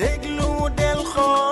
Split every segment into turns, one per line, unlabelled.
déglu del xool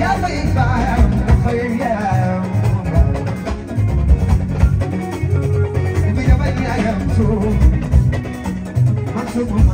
yaa may baayam dafay yaayam bi dafay yaayam soo man soo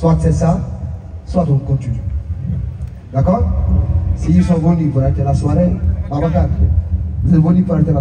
Soit c'est ça, soit on continue. D'accord S'ils sont venus pour arrêter la soirée, Babacar, vous êtes venus pour arrêter la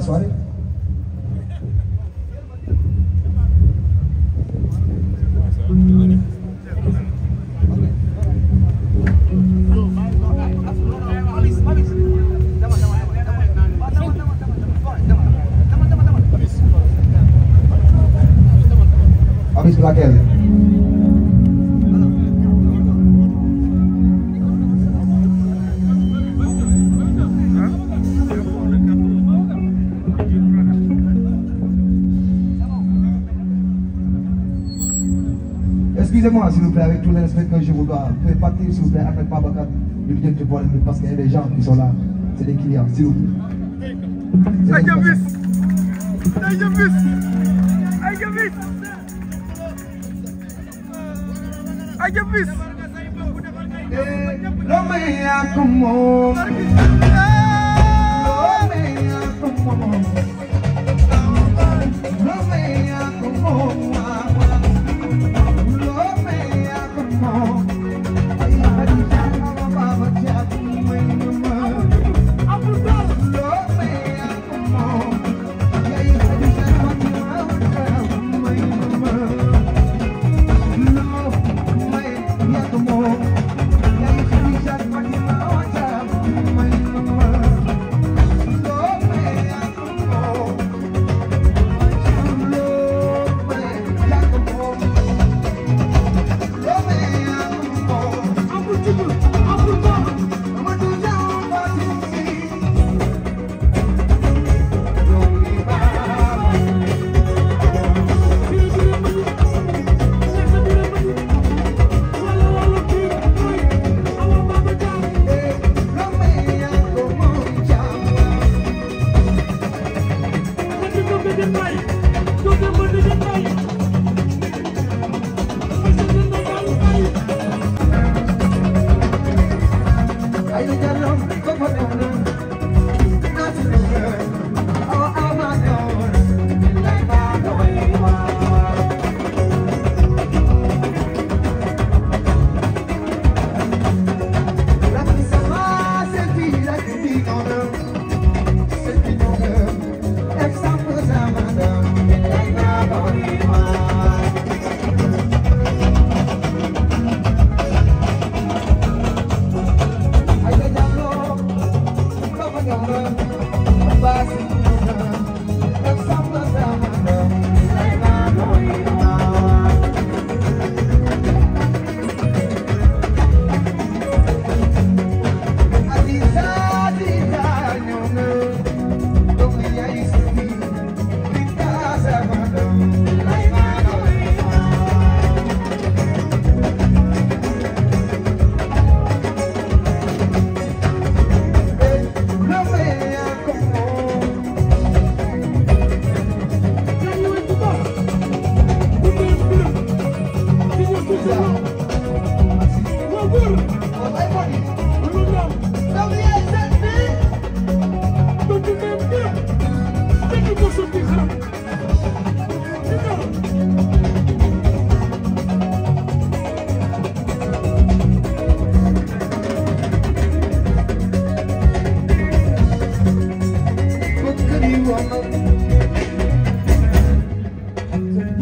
excusez-moi s'il vous plaît avec tout le respect que je vous dois vous pouvez partir s'il vous plaît après Babacar ñu ngi jëm ci boole bi parce que y a des gens qui sont là c'est des clients s'il vous plaît. ay jëfis
ay jëfis ay jëfis ay jëfis. loo may yaa ko moom loo may yaa ko moom.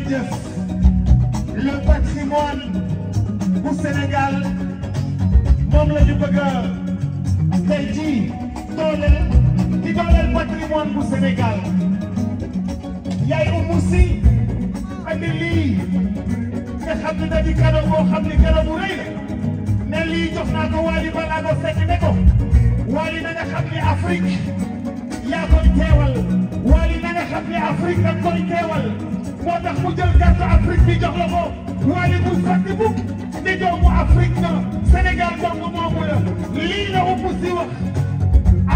ngeen jëf le patrimoine bu Sénégal moom la ñu bëgg a tey jii dooleel di bu Sénégal yaay umu si andi lii xam ne dañu cadeau xam ne cadeau bu ne lii jox naa ko Wally Ballago Seck ne ko Wally na xam ne Afrique yaa koy teewal Wally na xam ne Afrique da koy moo a mu jël carte Afrique bi jox la ko waaye bu sàkk bu ni doomu Afrique na Sénégal dong moomu la lii la Oumou Sy wax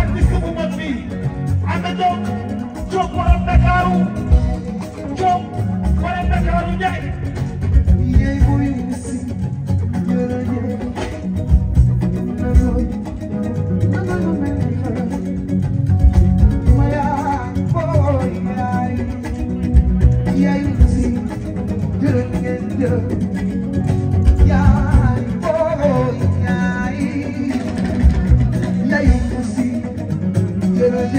artiste bu mag bi ànd doom Diop borom Dakaru Diop borom Dakaru Ndiaye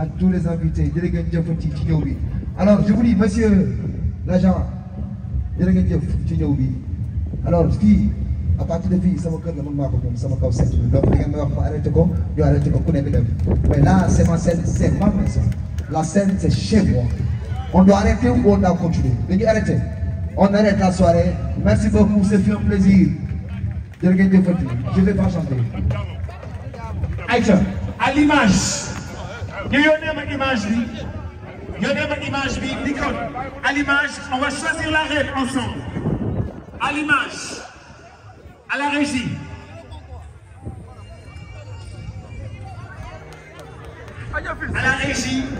a tous les invités jërë ngeen jëf ci ci ñëw bi alors je vous monsieur l'agent jërë ngeen jëf ci ñëw bi alors fii à partir de fii sama kër la mën maa ko moom sama kaw set donc li ngeen may wax ma arrêté ko ñu arrêté ko ku nekk dem mais là c'est ma scène c'est ma maison la scène c'est chez moi on doit arrêter ou on doit continuer dañuy arrêté on arrête la soirée merci beaucoup c'est fait un plaisir jërë je vais pas à l'image ñu yónnee ma image bi
yónnee ma image bi di kon à l'image on la reine ensemble à l'image à la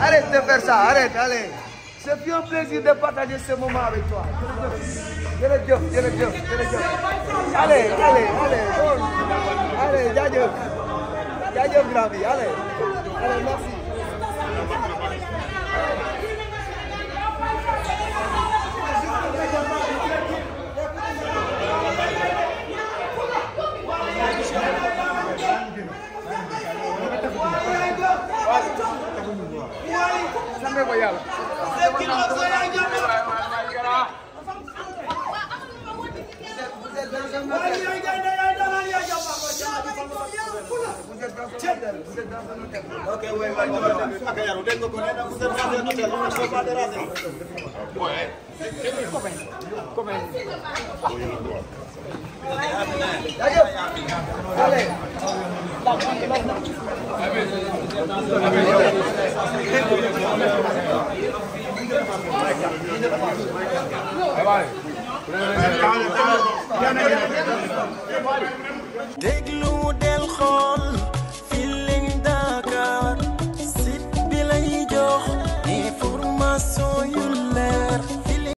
Arrête de faire ça, arrête, allez. C'est bien un plaisir de
partager ce moment avec toi. Jërëjëf, jërëjëf, jërëjëf.
Allez, allez, allez.
Allez, jaajëf. Jaajëf grand bi, allez. Allez, merci.
sante ko yàlla. ok
oui oui dama déglu ak yaru dégg nga ko nee na vous êtes dans un hôtel on ne peut pas déranger. waaye. commune. commune.
déglu del xool